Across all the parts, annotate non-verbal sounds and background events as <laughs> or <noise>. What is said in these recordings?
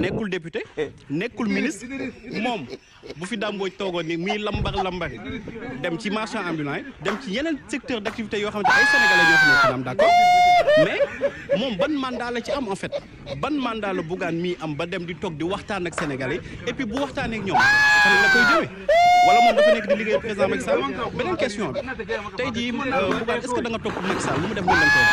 nekul député nekul ministre mom bu fi dàmbooj toogoon ni mi lambar lambar dem ci marchand ambulant dem ci yenen secteur d' yo yoo ay sénégalais ñoo xam ne am mais mom ban mandat la ci am en fait ban mandat la buggaan mi am ba dem di tok di waxtaan ak sénégalais et puis bu waxtaanee ak ñom fan la koy jëmee wala mom dafa nekk di liggéey président Macky Sall benen question tay tey jii euh, est ce que da nga toog Macky Sall lu mu def noonu lañ koy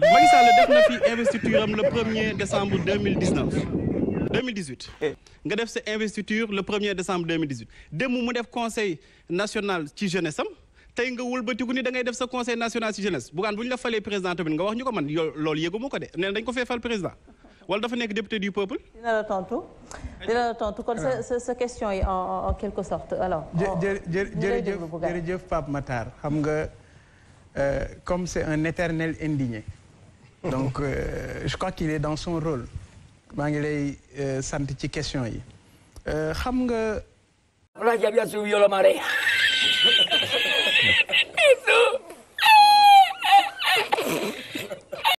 Macky Sall def na fi investiture am le 1er décembre 2019 2018 nga def sa investiture le 1er décembre 2018 démb mu def conseil national ci jeunesse am tey nga wëlbatiku ni da ngay def sa conseil national ci jeunesse bugaan bu ñu la falee président tamit nga wax ñuko man yo loolu yëgu ma ko dañ ko fee fal président wala dafa nek député du peuple. dina la tontu dina la kon sa sa question yi en quelque sorte alors. jërëjëf jërëjëf Pape Matar xam nga euh, comme c'est un éternel indigné donc euh, je crois qu'il est dans son rôle. maa ngi lay euh, sant ci question yi euh, xam nga. <laughs>